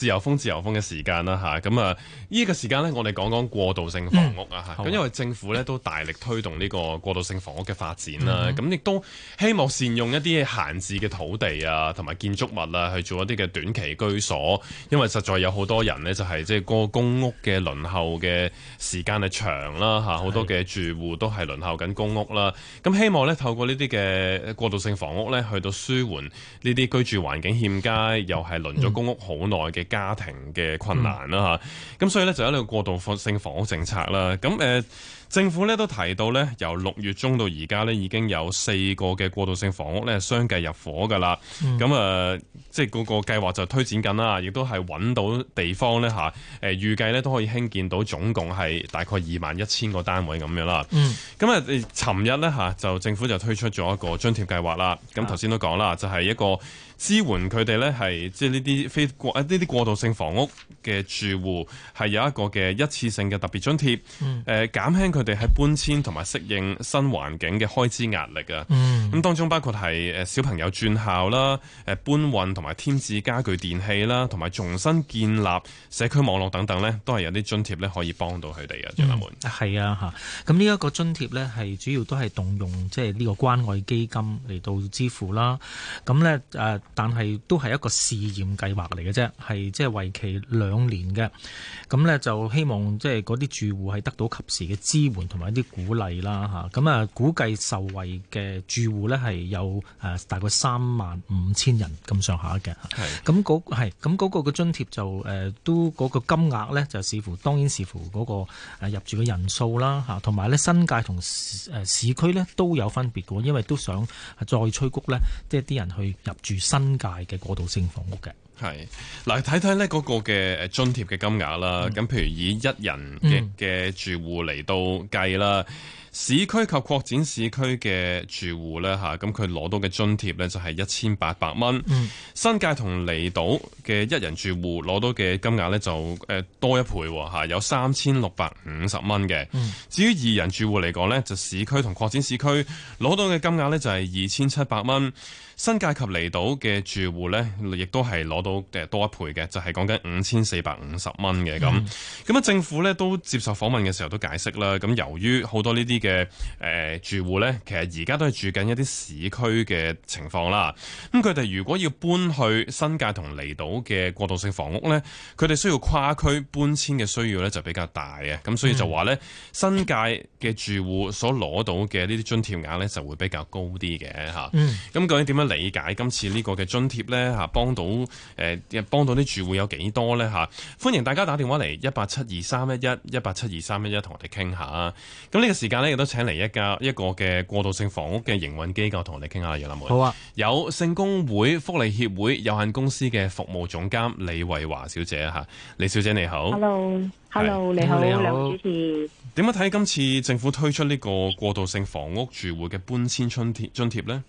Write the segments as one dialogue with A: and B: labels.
A: 自由風，自由風嘅時間啦吓，咁啊，呢個時間呢，我哋講講過渡性房屋啊吓，咁、嗯、因為政府呢都大力推動呢個過渡性房屋嘅發展啦，咁亦、嗯、哼都希望善用一啲閒置嘅土地啊，同埋建築物啊，去做一啲嘅短期居所，因為實在有好多人呢，就係即係個公屋嘅輪候嘅時間係長啦吓，好多嘅住戶都係輪候緊公屋啦，咁希望呢，透過呢啲嘅過渡性房屋呢，去到舒緩呢啲居住環境欠佳，又係輪咗公屋好耐嘅家庭嘅困難啦嚇，咁、嗯、所以咧就有一個過渡性房屋政策啦，咁誒。呃政府咧都提到咧，由六月中到而家咧，已經有四個嘅過渡性房屋咧，相繼入伙噶啦。咁啊、嗯呃，即係個個計劃就推展緊啦，亦都係揾到地方咧吓，誒，預計咧都可以興建到總共係大概二萬一千個單位咁樣啦。咁啊、嗯，誒、呃，尋日咧吓就政府就推出咗一個津貼計劃啦。咁頭先都講啦，就係、是、一個支援佢哋咧，係即係呢啲非啊過啊呢啲過渡性房屋嘅住戶係有一個嘅一次性嘅特別津貼，誒減輕佢。佢哋喺搬遷同埋適應新環境嘅開支壓力啊！咁、嗯、當中包括係誒小朋友轉校啦、誒搬運同埋添置家具電器啦，同埋重新建立社區網絡等等咧，都係有啲津貼咧可以幫到佢哋嘅，住客、嗯、們。係啊，吓
B: 咁呢一個津貼咧係主要都係動用即係呢個關愛基金嚟到支付啦。咁咧誒，但係都係一個試驗計劃嚟嘅啫，係即係為期兩年嘅。咁咧就希望即係嗰啲住戶係得到及時嘅支。同埋一啲鼓勵啦，吓咁啊，估計受惠嘅住戶呢係有誒，大概三萬五千人咁上下嘅。咁嗰係咁個嘅、那個、津貼就誒，都嗰、那個金額呢，就視乎，當然視乎嗰個誒入住嘅人數啦，吓同埋呢，新界同誒市區呢都有分別嘅，因為都想再催谷呢，即係啲人去入住新界嘅過渡性房屋嘅。
A: 係，嗱睇睇咧嗰個嘅誒津貼嘅金額啦，咁、嗯、譬如以一人嘅嘅、嗯、住戶嚟到計啦。市區及擴展市區嘅住戶咧吓，咁佢攞到嘅津貼咧就係一千八百蚊。嗯、新界同離島嘅一人住戶攞到嘅金額咧就誒多一倍吓，有三千六百五十蚊嘅。嗯、至於二人住戶嚟講咧，就市區同擴展市區攞到嘅金額咧就係二千七百蚊。新界及離島嘅住戶咧，亦都係攞到誒多一倍嘅，就係講緊五千四百五十蚊嘅咁。咁啊、嗯，政府咧都接受訪問嘅時候都解釋啦，咁由於好多呢啲。嘅誒、呃、住戶咧，其實而家都係住緊一啲市區嘅情況啦。咁佢哋如果要搬去新界同離島嘅過渡性房屋咧，佢哋需要跨區搬遷嘅需要咧就比較大嘅。咁所以就話咧，嗯、新界嘅住戶所攞到嘅呢啲津貼額咧就會比較高啲嘅嚇。咁、嗯啊、究竟點樣理解今次這個呢個嘅津貼咧吓幫到誒幫、啊、到啲住戶有幾多咧吓、啊、歡迎大家打電話嚟一八七二三一一一八七二三一一同我哋傾下啊。咁呢個時間咧。亦都請嚟一家一個嘅過渡性房屋嘅營運機構同我哋傾下嘢啦，好啊，有聖公會福利協會有限公司嘅服務總監李惠華小姐吓，李小姐你好。Hello，Hello，你好，你好，主持，點樣睇今次政府推出呢個過渡性房屋住戶嘅搬遷津貼津貼呢？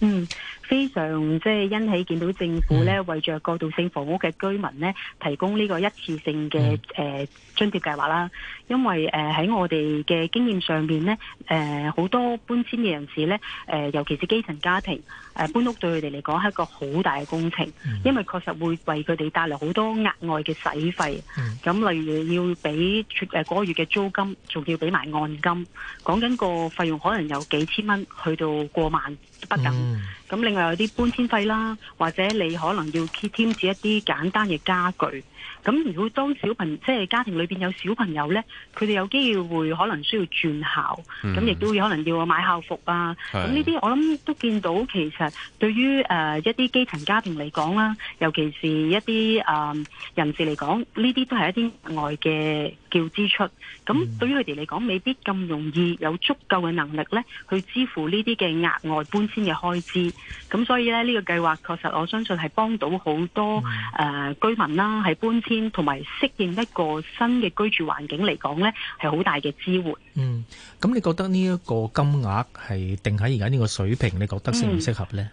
A: 嗯。
C: 非常即係欣喜見到政府咧，為着過渡性房屋嘅居民咧，提供呢個一次性嘅誒津貼計劃啦。因為誒喺我哋嘅經驗上邊咧，誒好多搬遷嘅人士咧，誒尤其是基層家庭，誒搬屋對佢哋嚟講係一個好大嘅工程，因為確實會為佢哋帶嚟好多額外嘅使費，咁例如要俾誒嗰個月嘅租金，仲要俾埋按金，講緊個費用可能有幾千蚊去到過萬，不等。咁另外有啲搬遷費啦，或者你可能要貼添置一啲簡單嘅家具。咁如果當小朋即係、就是、家庭裏邊有小朋友呢，佢哋有機會可能需要轉校，咁亦都有可能要我買校服啊。咁呢啲我諗都見到，其實對於誒、呃、一啲基層家庭嚟講啦，尤其是一啲誒、呃、人士嚟講，呢啲都係一啲外嘅叫支出。咁對於佢哋嚟講，未必咁容易有足夠嘅能力呢去支付呢啲嘅額外搬遷嘅開支。咁所以呢，呢、這個計劃確實，我相信係幫到好多誒、呃呃、居民啦，係搬。同埋適應一個新嘅居住環境嚟講呢係好大嘅支援。
B: 嗯，咁你覺得呢一個金額係定喺而家呢個水平，你覺得適唔適合呢？
C: 嗯。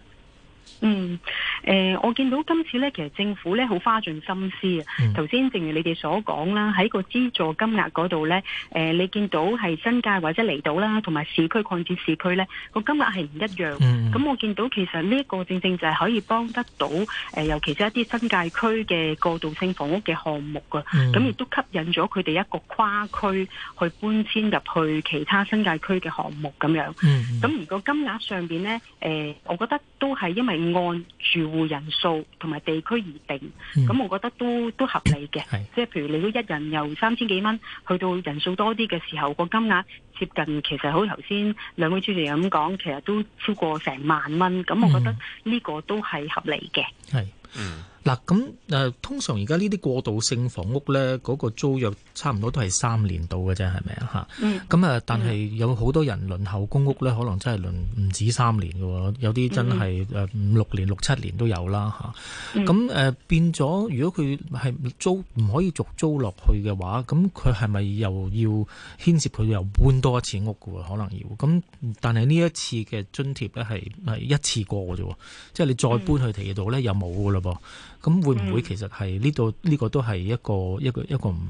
C: 嗯誒、呃，我見到今次咧，其實政府咧好花盡心思啊。頭先、嗯、正如你哋所講啦，喺個資助金額嗰度咧，你見到係新界或者離島啦，同埋市區擴展市區咧，個金額係唔一樣。咁、嗯、我見到其實呢一個正正就係可以幫得到、呃、尤其是一啲新界區嘅過渡性房屋嘅項目㗎。咁亦、嗯、都吸引咗佢哋一個跨區去搬遷入去其他新界區嘅項目咁樣。咁、嗯嗯、如果金額上面咧、呃，我覺得都係因為按住戶人數同埋地區而定，咁我覺得都都合理嘅。即係 是譬如你都一人由三千幾蚊去到人數多啲嘅時候，個金額接近，其實好頭先兩位主持人咁講，其實都超過成萬蚊。咁我覺得呢個都係合理嘅。
B: 係，嗯。 是 嗱咁通常而家呢啲過渡性房屋咧，嗰、嗰個租約差唔多都係三年度嘅啫，係咪啊？咁啊、嗯，但係有好多人輪候公屋咧，可能真係輪唔止三年㗎喎，有啲真係五六年、六七年都有啦咁誒、嗯呃、變咗，如果佢係租唔可以續租落去嘅話，咁佢係咪又要牽涉佢又搬多一次屋嘅喎？可能要咁，但係呢一次嘅津貼咧係一次過嘅啫，即係你再搬去其他度咧又冇嘅嘞噃。咁、嗯、會唔會其實係呢度呢個都係一個一個一個唔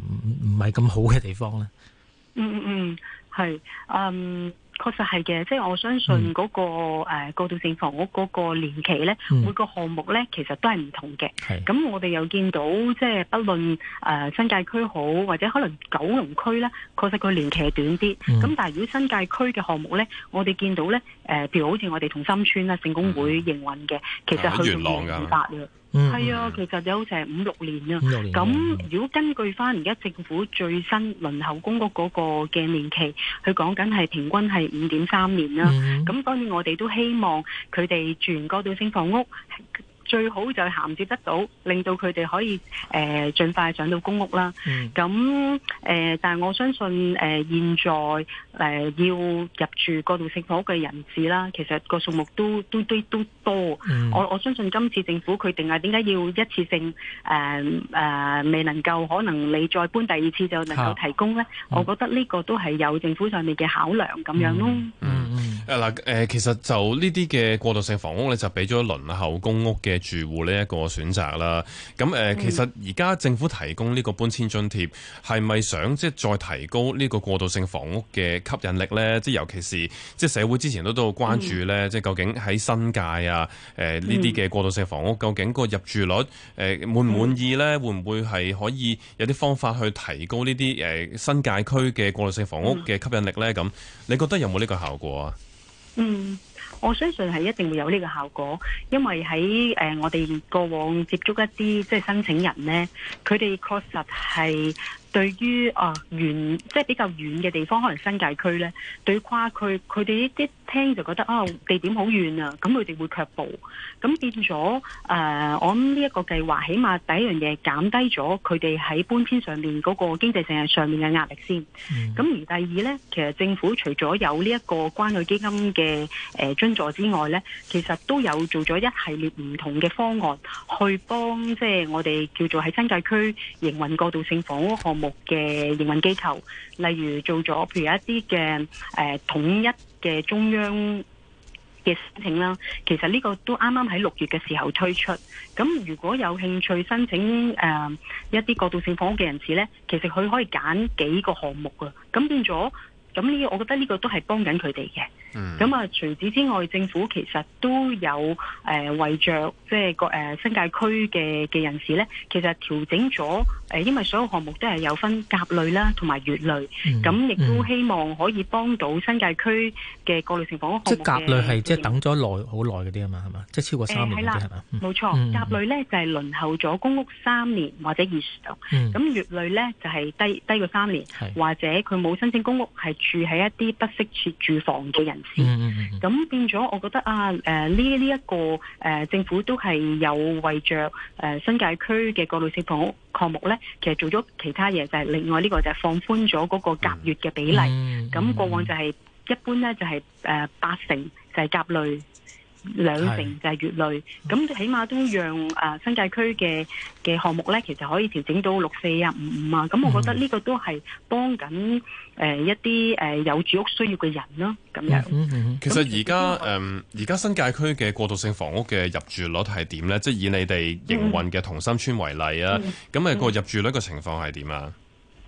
B: 唔係咁好嘅地方咧？嗯
C: 嗯嗯，係，嗯，確、嗯、實係嘅。即係我相信嗰、那個誒過渡性房屋嗰個年期咧，每個項目咧、嗯、其實都係唔同嘅。咁是我哋又見到即係不論誒、呃、新界區好，或者可能九龍區咧，確實佢年期係短啲。咁、嗯、但係如果新界區嘅項目咧，我哋見到咧，誒、呃，譬如好似我哋同心村啦、聖公會營運嘅，嗯、其實佢嘅年期唔同。係、嗯嗯、啊，其實有成五六年啊。咁、嗯、如果根據翻而家政府最新輪候公屋嗰個嘅年期，佢講緊係平均係五點三年啦。咁、嗯、當然我哋都希望佢哋住完嗰度升房屋。最好就係銜接得到，令到佢哋可以誒、呃、盡快上到公屋啦。咁誒、嗯呃，但係我相信誒、呃、現在誒、呃、要入住過渡性房屋嘅人士啦，其實個數目都都都都多。嗯、我我相信今次政府決定係點解要一次性誒誒、呃呃、未能夠可能你再搬第二次就能夠提供咧？啊嗯、我覺得呢個都係有政府上面嘅考量咁樣咯。嗯
A: 誒嗱誒，嗯嗯嗯、其實就呢啲嘅過渡性房屋咧，就俾咗輪候公屋嘅。住戶呢一個選擇啦，咁誒其實而家政府提供呢個搬遷津貼，係咪想即係再提高呢個過渡性房屋嘅吸引力呢？即係尤其是即係社會之前都都關注呢，即係究竟喺新界啊誒呢啲嘅過渡性房屋，究竟個入住率誒滿唔滿意呢？會唔會係可以有啲方法去提高呢啲誒新界區嘅過渡性房屋嘅吸引力呢？咁你覺得有冇呢個效果啊？
C: 嗯，我相信係一定會有呢個效果，因為喺誒、呃、我哋過往接觸一啲即係申請人咧，佢哋確實係。對於啊遠即係比較遠嘅地方，可能新界區呢，對跨區佢哋一聽就覺得啊、哦、地點好遠啊，咁佢哋會卻步。咁變咗誒、呃，我諗呢一個計劃，起碼第一樣嘢減低咗佢哋喺搬遷上面嗰個經濟性係上面嘅壓力先。咁、嗯、而第二呢，其實政府除咗有呢一個關愛基金嘅誒津助之外呢，其實都有做咗一系列唔同嘅方案去幫即係我哋叫做喺新界區營運過渡性房屋項目。目嘅營運機構， 例如做咗譬如一啲嘅誒統一嘅中央嘅申請啦，其實呢個都啱啱喺六月嘅時候推出。咁如果有興趣申請誒、呃、一啲過渡性房屋嘅人士呢，其實佢可以揀幾個項目㗎。咁變咗咁呢？我覺得呢個都係幫緊佢哋嘅。咁、嗯、啊，除此之外，政府其實都有誒、呃、為著即係個誒新界區嘅嘅人士呢，其實調整咗。誒，因為所有項目都係有分甲類啦，同埋乙類，咁亦都希望可以幫到新界區嘅過渡性房屋項目。即甲類係
B: 即係等咗耐好耐嗰啲啊嘛，係嘛？即係超過三年
C: 冇、欸、吧錯，甲類咧就係輪候咗公屋三年、嗯、或者以上。咁乙類咧就係低低過三年，的或者佢冇申請公屋，係住喺一啲不適切住房嘅人士。咁、嗯嗯嗯、變咗，我覺得啊，誒呢呢一個誒、這個呃、政府都係有為着誒新界區嘅過渡性房屋項目咧。其實做咗其他嘢，就係、是、另外呢個就係放寬咗嗰個甲乙嘅比例，咁過往就係一般呢，就係誒八成就係甲類。兩成就係月累，咁起碼都讓誒新界區嘅嘅項目咧，其實可以調整到六四啊、五五啊，咁我覺得呢個都係幫緊誒一啲誒有住屋需要嘅人咯，咁樣。
A: 其實而家誒而家新界區嘅過渡性房屋嘅入住率係點咧？即係以你哋營運嘅同心村為例啊，咁啊個入住率個情況係點啊？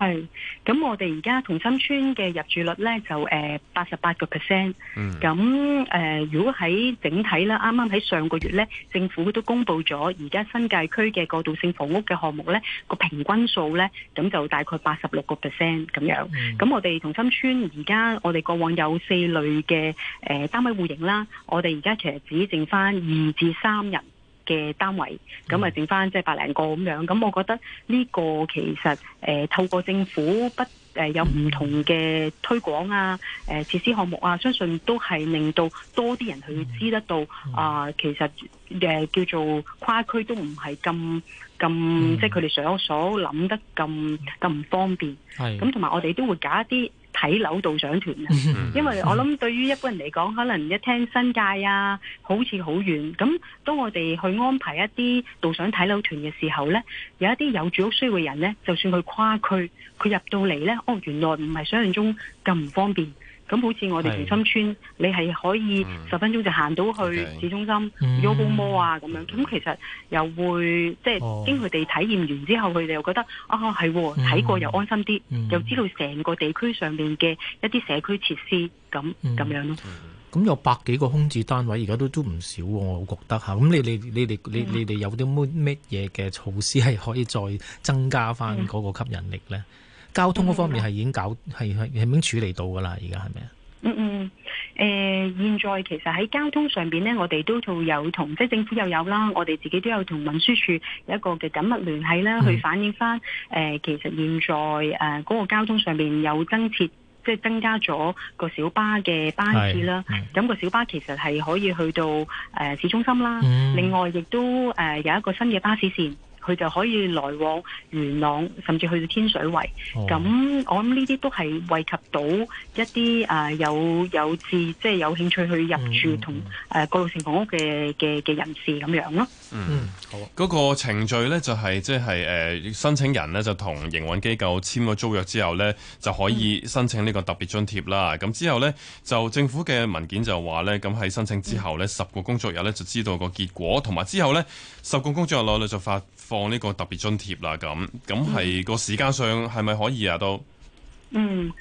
C: 係，咁我哋而家同心村嘅入住率咧就誒八十八個 percent，咁誒如果喺整體咧，啱啱喺上個月咧，政府都公布咗而家新界區嘅過渡性房屋嘅項目咧，個平均數咧，咁就大概八十六個 percent 咁樣。咁、mm. 我哋同心村而家我哋過往有四類嘅誒、呃、單位戶型啦，我哋而家其實只剩翻二至三人。嘅單位，咁啊剩翻即係百零個咁樣，咁我覺得呢個其實誒、呃、透過政府不誒、呃、有唔同嘅推廣啊誒、呃、設施項目啊，相信都係令到多啲人去知得到啊、嗯嗯呃，其實誒、呃、叫做跨區都唔係咁咁即係佢哋想所諗得咁咁唔方便。係咁同埋我哋都會搞一啲。睇樓導賞團
B: 啊，因為我
C: 諗對於一般人嚟講，可能一聽新界啊，好似好遠。咁當我哋去安排一啲導賞睇樓團嘅時候呢，有一啲有住屋需要嘅人呢，就算佢跨區，佢入到嚟呢，哦，原來唔係想像中咁唔方便。咁好似我哋同心村，的你係可以十分鐘就行到去市中心 Uber 摩啊咁樣，咁其實又會，即係經佢哋體驗完之後，佢哋、哦、又覺得啊係睇過又安心啲，嗯、又知道成個地區上邊嘅一啲社區設施咁咁樣咯。
B: 咁、嗯、樣有百幾個空置單位，而家都都唔少、啊，我覺得吓，咁你你你哋、嗯、你你哋有啲乜乜嘢嘅措施係可以再增加翻嗰個吸引力咧？交通嗰方面係已經搞係係已經處理到噶啦，而家係咪啊？嗯
C: 嗯，誒、呃，現在其實喺交通上邊咧，我哋都仲有同即係政府又有啦，我哋自己都有同運輸處有一個嘅緊密聯繫啦，嗯、去反映翻誒、呃，其實現在誒嗰、呃嗰個交通上邊有增設，即係增加咗個小巴嘅班次，啦。咁、嗯、個小巴其實係可以去到誒、呃、市中心啦。嗯、另外也，亦都誒有一個新嘅巴士線。佢就可以來往元朗，甚至去到天水圍。咁、oh. 我諗呢啲都係惠及到一啲誒、呃、有有志即係有興趣去入住同誒個過渡性房屋嘅嘅嘅人士咁樣咯。嗯，
A: 好。嗰個程序咧就係即係誒申請人咧就同營運機構簽咗租約之後咧就可以申請呢個特別津貼啦。咁、mm hmm. 之後咧就政府嘅文件就話咧咁喺申請之後咧十、mm hmm. 個工作日咧就知道個結果，同埋之後咧十個工作日內就發放呢個特別津貼啦，咁咁係個時間上係咪可以啊？都嗯，
C: 誒、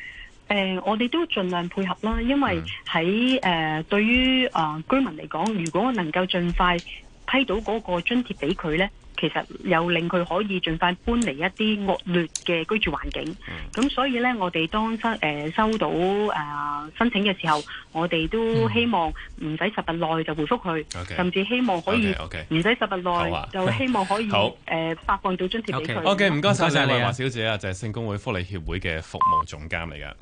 C: 呃，我哋都盡量配合啦，因為喺誒、呃、對於啊、呃、居民嚟講，如果能夠盡快批到嗰個津貼俾佢咧。其實又令佢可以盡快搬離一啲惡劣嘅居住環境，咁、嗯、所以呢，我哋當、呃、收到、呃、申請嘅時候，我哋都希望唔使十日內就回覆佢，okay, 甚至希望可以唔使十日內就希望可以誒、okay, okay, 呃啊呃、發放到津貼俾佢。OK，
A: 唔該晒，惠華、啊、小姐啊，就係聖公會福利協會嘅服務總監嚟噶。